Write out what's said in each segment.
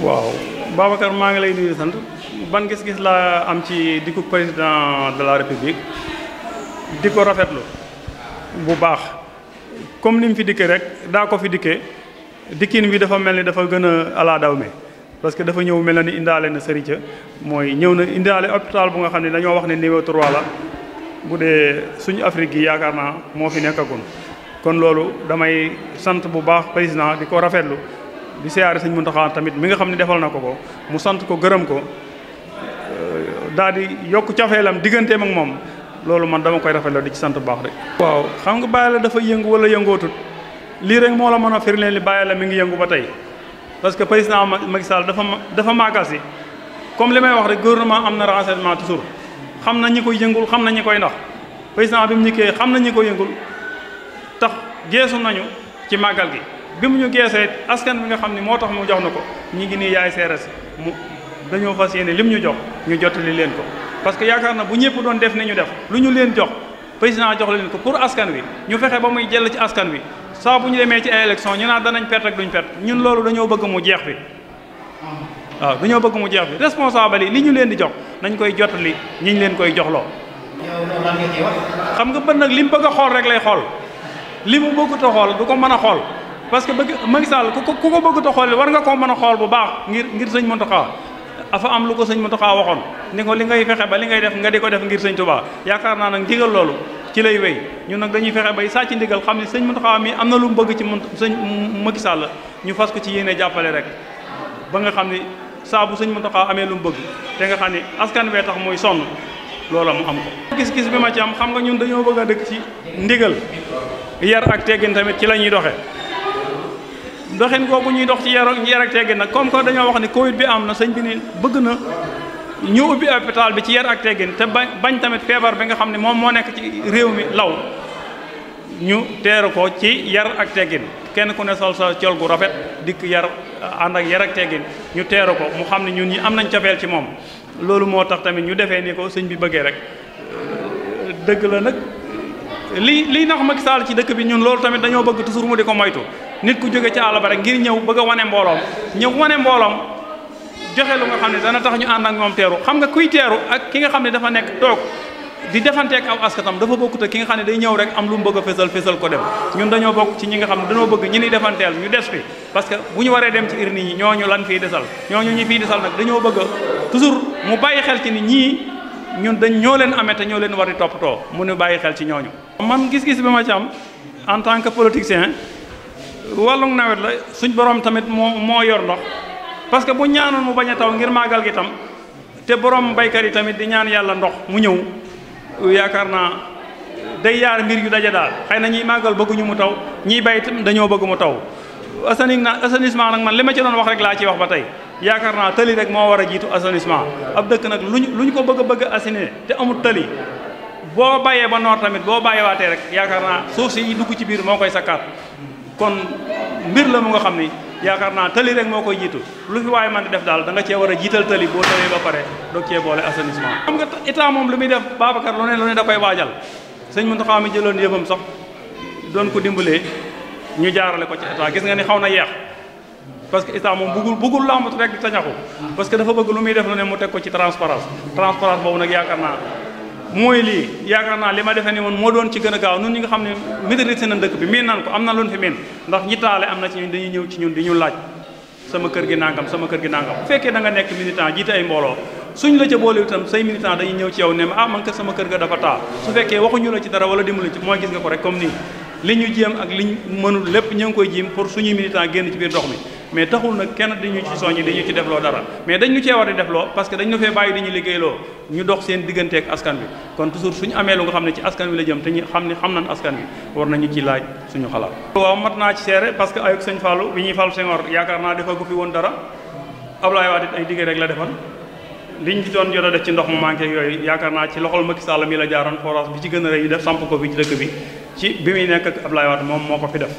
waaw Babacar maa ngi lay nuyu sant ban gis-gis laa am ci dikku président de la république di ko rafetlu bu baax comme ni mu fi dikkee rek daa ko fi dikkee dikkin bi dafa mel ni dafa gën a ala daw parce que dafa ñëw mel na ni indaale na sërica mooy ñëw na indaale hôpital bu nga xam ne dañoo wax ne niveau 3 la bu dee suñu Afrique yi yaakaar naa moo fi nekkagun kon loolu damay sant bu baax président di ko rafetlu di siyaare sëñ Muntaxa tamit mi nga xam ne defal na ko ko mu sant ko gërëm ko euh, daal di yokk cofeelam digganteem ak moom loolu man dama koy rafetlu di ci sant bu baax rek. waaw xam nga Baye la dafa yëngu wala yëngootut lii rek moo la mën a firndeel li Baye la mi ngi yëngu ba tey parce que président Macky Sall dafa dafa màggal si comme li may wax rek gouvernement am na renseignement toujours xam na ñi koy yëngul xam na ñi koy ndax président bi mu ñikkee xam na ñi koy yëngul tax geesu nañu ci màggal gi. bi mu ñu geesee askan bi nga xam ne moo tax mu jox na ko ñi ngi nii yaay seera si mu dañoo fas yéene lim ñu jox ñu jottali leen ko parce que yaakaar na bu ñëpp doon def ni ñu def lu ñu leen jox président jox leen ko pour askan wi ñu fexe ba muy jël ci askan wi saa bu ñu demee ci ay ñu naan danañ perte ak duñ perte ñun loolu dañoo bëgg mu jeex fi waaw dañoo bëgg mu jeex fi responsable yi li ñu leen di jox nañ koy jottali ñi leen koy joxloo. xam nga bët nag li bëgg a xool rek lay xool li mu bëggut a xool ko mën a xool. parce que bëgg Macky Sall ku ko ku ko bëgg a war nga koo mën a xool bu baax ngir ngir sëñ a afa am lu ko sëñ Mountakha waxoon ni ko li ngay fexe ba li ngay def nga di ko def ngir sëñ Touba yaakaar naa nag ndigal loolu ci lay wéy ñun nag dañuy fexe bay sàcc ndigal xam ne sëñ Mountakha mi am na lu mu bëgg ci sëñ Macky Sall ñu fas ko ci yéene jàppale rek ba nga xam ni saa bu sëñ Mountakha amee lu mu bëgg te nga xam ni askan wee tax muy sonn loola mu am ko bi ma ci am xam nga ñun dañoo bëgg a dëkk ci ndigal yar ak teggin tamit ci la ñuy doxee doxin kooku ñuy dox ci yar ak teggin nag comme que dañoo wax ne Covid bi am na sëñ bi ne bëgg na ñu ubbi hôpital bi ci yar ak teggin te bañ tamit feebar bi nga xam ne moom moo nekk ci réew mi law ñu teeru ko ci yar ak teggin kenn ku ne sol sa col gu rafet dikk yar ànd ak yar ak teggin ñu teeru ko mu xam ne ñun ñi am nañ cofeel ci moom loolu moo tax tamit ñu defee ni ko sëñ bi bëggee rek dëgg la nag li liy nax ma saal ci dëkk bi ñun loolu tamit dañoo bëgg toujours mu di ko moytu nit ku jóge ca àll ba rek ngir ñëw bëgg wane mbooloom ñëw wane mbooloom joxe lu nga xam ni dana tax ñu ànd ak moom teeru xam nga kuy teeru ak ki nga xam ne dafa nekk toog di defanteek aw askatam dafa bokkut ak ki nga xam ne day ñëw rek am lu mu bëgg a fésal fésal ko dañoo bokk ci ñi nga xam ne dañoo bëgg ñi ni defanteel ñu des fi parce que bu ñu waree dem ci ñi ñoo ñooñu lan fiy desal ñooñu ñi fiy desal nag dañoo bëgg toujours mu bàyyi xel ci ni ñii ñun dañ ñoo leen amee te ñoo leen war di toppatoo mu nu bàyyi xel ci ñooñu man gis-gis bi ma ci am en tant que politicien wàllu nawet la suñ borom tamit moo moo yor ndox parce que bu ñaanoon mu bañ a taw ngir màggal gi tam te borom baykat yi tamit di ñaan yàlla ndox mu ñëw yaakaar naa day yaar mbir yu daje daal xëy na ñiy màggal bëgguñu mu taw ñiy bay itam dañoo bëgg mu taw. assainissement nag man li ma ci doon wax rek laa ci wax ba tey yaakaar naa tëli rek moo war a jiitu assainissement ab dëkk nag lu luñ luñ ko bëgg a bëgg a te amul tëli boo bayee ba noor tamit boo bàyyiwaatee rek yaakaar naa suuf si dugg ci biir moo koy sakkaat. kon mbir la mu nga xam ni yaakaar naa tali rek moo koy jiitu lu fi waaye man di def daal da nga cee war a jiital tali boo tëlee ba pare doog cee boole assainissement. xam nga état moom lu muy def Babacar lu ne lu ne da koy waajal sëñ Mountakha mi jëloon yëfam sax doon ko dimbalee ñu jaarale ko ci état gis nga ni xaw na yeex parce que état moom bëggul bëggul làmbatu rek di tañaxu parce que dafa bëgg lu muy def lu ne mu teg ko ci transparence transparence boobu nag mooy lii yaakaar naa li ma defee ni woon moo doon ci gën a gaaw nun ñi nga xam ne maîtrise nañ dëkk bi miin nan ko am na lu fi miin ndax ñi taale am na ci ñun dañuy ñëw ci ñun di ñu laaj sama kër gi nangam sama kër gi nangam bu fekkee da nga nekk militant jiite ay mbooloo suñ la ca boole itam say militant dañuy ñëw ci yow ne ma ah man kat sama kër ga dafa taa su fekkee waxuñu la ci dara wala dimbali ci mooy gis nga ko rek comme nii li ngi koy jéem pour suñuy militant génn ci biir dox mi mais taxul nag kenn dañu ci soññi dañu ci defloo dara mais dañ ñu cee war di defloo parce que dañ ñu fee bàyyi ñu dox seen diggante ak askan bi kon toujours suñu amee lu nga xam ne ci askan wi la jëm te ñu xam ne xam nañ askan bi war nañu ci laaj suñu xalaat waaw mat naa ci seere parce que ayok sëñ Fallou bi ñuy Fallou Senghor yaakaar naa dafa gu fi woon dara Ablaye Wade ay diggé rek la defal li ñu doon jot def ci ndox mu manqué yooyu yaakaar naa ci loxol Macky Sall mi la jaaroon a rëy def samp ko moom moo ko fi def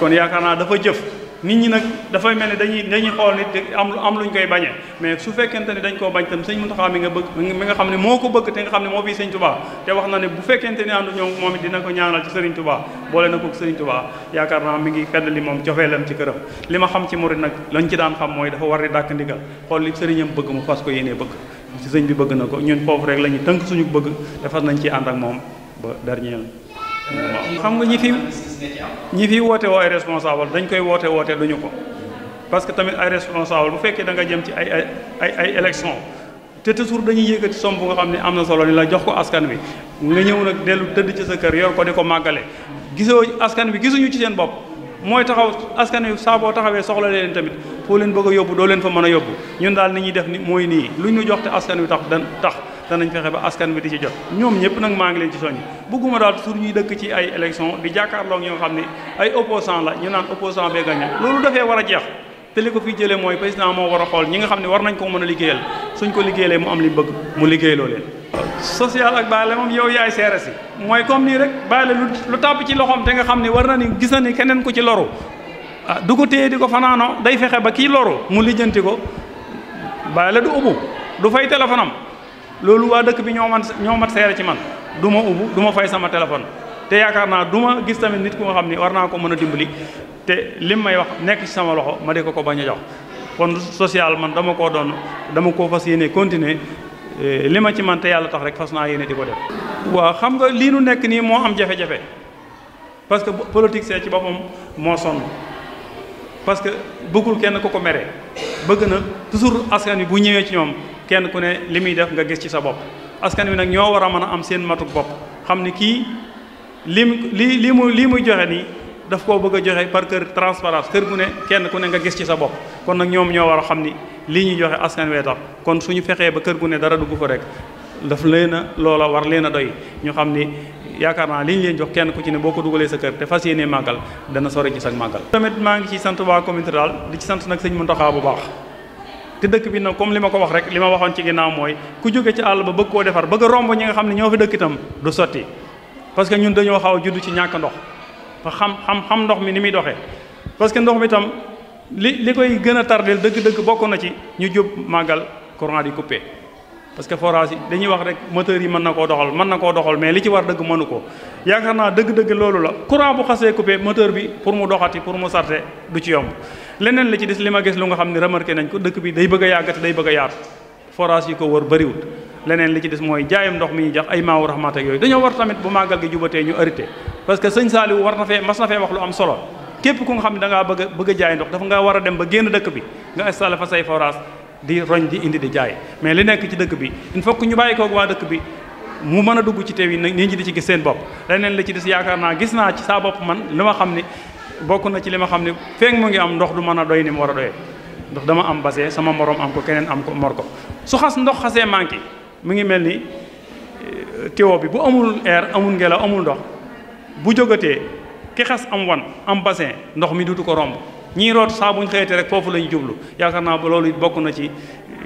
kon yaakaar naa dafa jëf nit ñi nag dafay mel ni dañuy dañuy xool nit am am luñ koy bañee mais su fekkente ni dañ koo bañ tam sëñ Muntaxa mi nga bëgg mi nga xam ne moo ko bëgg te nga xam ne moo fi sëñ Tuubaa te wax na ne bu fekkente ni àndu ñoom moom it dina ko ñaanal ci sëriñ Tuubaa boole na ko sëriñ Tuubaa yaakaar naa mi ngi fedd li moom cofeelam ci këram li ma xam ci murit nag lañ ci daan xam mooy dafa war di dàkk ndigal xool li sëriñam bëgg mu fas ko yéenee bëgg ci sëñ bi bëgg na ko ñun foofu rek la ñuy tënk suñu bëgg te fas nañ ci ànd ak moom ba dernier xam nga ñi fi ñi fi woote woo ay responsable dañ koy woote woote lu ñu ko parce que tamit ay responsable bu fekkee da nga jëm ci ay ay ay ay élection te toujours dañuy yëkkati somb nga xam ne am na solo ni la jox ko askan wi nga ñëw nag dellu tëdd ci sa kër yor ko di ko màggale gisoo askan wi gisuñu ci seen bopp mooy taxaw askan wi saa boo taxawee soxla leen tamit foo leen bëgg a yóbbu doo leen fa mën a yóbbu ñun daal ni ñuy def ni mooy nii lu ñu jox te askan wi tax dan tax danañ fexe ba askan bi di ci jot ñoom ñëpp nag maa ngi leen ci soññ bëgguma daal toujours ñuy dëkk ci ay élection di jàkkaarloo ñoo xam ne ay opposant la ñu naan opposant bee gagné loolu dafee war a jeex te li ko fi jëlee mooy président moo war a xool ñi nga xam ne war nañ ko mën a liggéeyal suñ ko liggéeyalee mu am li bëgg mu liggéeyloo leen social ak baale moom yow yaay seere si mooy comme nii rek baale lu lu tàpp ci loxoom te nga xam ne war na ni gis na ni keneen ku ci loru ah du ko téye di ko fanaanoo day fexe ba kii mu lijjanti ko baale du ubu du fay téléphone loolu waa dëkk bi ñoo man ñoo mat seere ci man du ma ubbu du fay sama téléphone te yaakaar naa du ma gis tamit nit ku nga xam ni war naa ko mën a dimbali te lim may wax nekk ci sama loxo ma di ko ko ba a jox kon social man dama koo doon dama koo fas yéene continuer eh, li ma ci man te yàlla tax rek fas naa yéene di ko def waaw xam nga lii nu nekk nii moo am jafe-jafe parce que politique see ci boppam moo sonn parce que bëggul kenn ku ko mere bëgg na toujours askan wi ñëwee ci ñoom kenn ku ne li muy def nga gis ci sa bopp askan wi nag ñoo war a mën a am seen matuk bopp xam ni kii lim li li mu lii muy joxe nii daf koo bëgg a joxe par kër transparence kër gu ne kenn ku ne nga gis ci sa bopp kon nag ñoom ñoo war a xam ni lii ñuy joxe askan wee tax kon suñu fexee ba kër gu ne dara dugg ko rek daf leen a loola war leen a doy ñu xam ni yaakaar naa li ñu leen jox kenn ku ci ne boo ko dugalee sa kër te fas yéenee màggal dana sori ci sa màggal. tamit maa ngi ci sant waa commune Tadal di ci sant nag sëñ Mountakha bu baax. te dëkk bi nag comme li ma ko wax rek li ma waxoon ci ginnaaw mooy ku jóge ci àll ba bëgg koo defar bëgg a romb ñi nga xam ne ñoo fi dëkk itam du sotti parce que ñun dañoo xaw a judd ci ñàkk ndox ba xam xam xam ndox mi ni muy doxee parce que ndox mi itam li li koy gën a tardeel dëgg-dëgg bokk na ci ñu jób màggal courant di coupé parce que forage yi dañuy wax rek moteur yi mën na koo doxal mën na koo doxal mais li ci war dëgg mënu ko yaakaar naa dëgg-dëgg loolu la courant bu xasee coupé moteur bi pour mu doxati pour mu sarte du ci yomb leneen li ci des li ma gis lu nga xam ne remarqué nañ ko dëkk bi day bëgg a yàggate day bëgg a yaatu forage yi ko wër bëriwut leneen li ci des mooy jaayam ndox mi ñuy jax ay maawu raxmaat yooyu dañoo war tamit bu màggal gi jubatee ñu arrêté parce que solo képp ku nga xam ne da ngaa bëgg ndox dafa nga war a dem ba génn bi nga installé di roñ di indi di jaay mais li nekk ci dëkk bi il faut ñu bàyyi koog waa dëkk bi mu mën a dugg ci teew yi nit ñi di ci gis seen bopp leneen la ci des yaakaar naa gis naa ci saa bopp man li ma xam ni bokk na ci li ma xam ne feek mu ngi am ndox du mën a doy ni mu war a doyee ndox dama am base sama morom am ko keneen am ko mor ko su xas ndox xasee manqué mu ngi mel ni euh, tiwo bi bu amul air amul ngelaw amul ndox bu jógatee ki xas am wan am bassin ndox mi dutu ko romb ñii root saa bu ñu xëyatee rek foofu la ñu jublu yaakaar naa ba loolu bokk na ci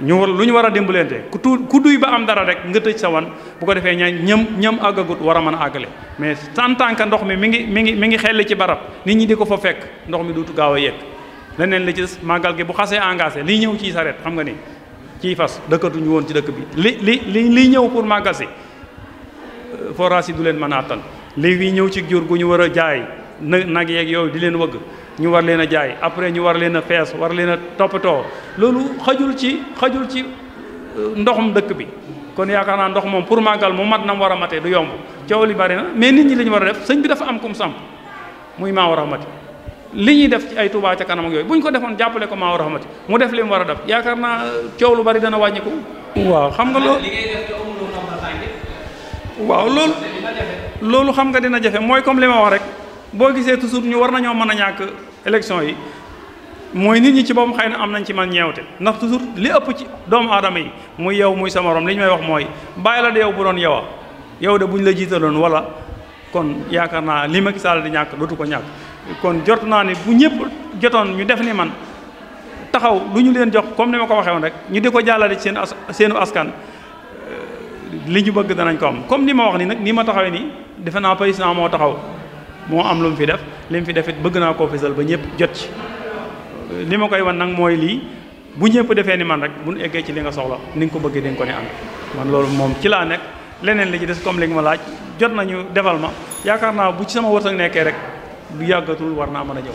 ñu war lu ñu war a dimbalante ku tu ku duy ba am dara rek nga tëj sa wan bu ko defee ñaa ñëm ñëm àggagut war a mën a àggale mais en tant que ndox mi mi ngi mi ngi mi ngi xel ci barab nit ñi di ko fa fekk ndox mi duutu gaaw a yegg leneen li ci màggal gi bu xasee engagé liy ñëw ciy saret xam nga ni ciy fas dëkkatuñu woon ci dëkk bi li li li lii ñëw pour màggal si forage yi du leen mën a attan lii ñëw ci jur gu ñu war a jaay nag yeeg yooyu di leen wëgg ñu war leen a jaay après ñu war leen a fees war leen a toppatoo loolu xajul ci xajul ci euh, ndoxum dëkk bi kon yaakaar naa ndox moom pour màggal mu mat na mu war a matee du yomb coow li bari na mais nit ñi li ñu war a def sëñ bi dafa am kum samp muy maa war a mati li ñuy def ci ay Tuubaa ca kanam yooyu bu ñu ko defoon jàppale ko maa war a mati mu def li war a def yaakaar naa euh, coow lu bari dana wàññiku waaw xam nga loolu loolu loolu xam nga dina jafe mooy comme li ma wax rek boo gisee toujours ñu war nañoo mën a ñàkk élection yi mooy nit ñi ci boppam xëy na am nañ ci man ñeewte ndax toujours li ëpp ci doomu aadama yi muy yow muy sa morom li ñu may wax mooy bàyyi la yow bu doon yow a yow de bu ñu la jiitaloon wala kon yaakaar naa li Macky Sall di ñàkk dootu ko ñàkk kon jot naa ne bu ñëpp jotoon ñu def ni man taxaw lu ñu leen jox comme ni ma ko waxee woon rek ñu di ko jàllale ci seen seenu askan euh, li ñu bëgg danañ ko am comme ni ma wax ni nag ni ma taxawee nii defe naa président moo taxaw moo am lu mu fi def li mu fi def it bëgg naa koo fisal ba ñëpp jot ci li ma koy wan nag mooy lii bu ñëpp defee ni man rek bu ñu eggee ci li nga soxla ni nga ko bëggee di nga ko ne am man loolu moom ci laa nekk leneen li ci des comme li nga ma laaj jot nañu defal ma yaakaar naa bu ci sama wërsëg nekkee rek du yàggatul war naa mën a jëw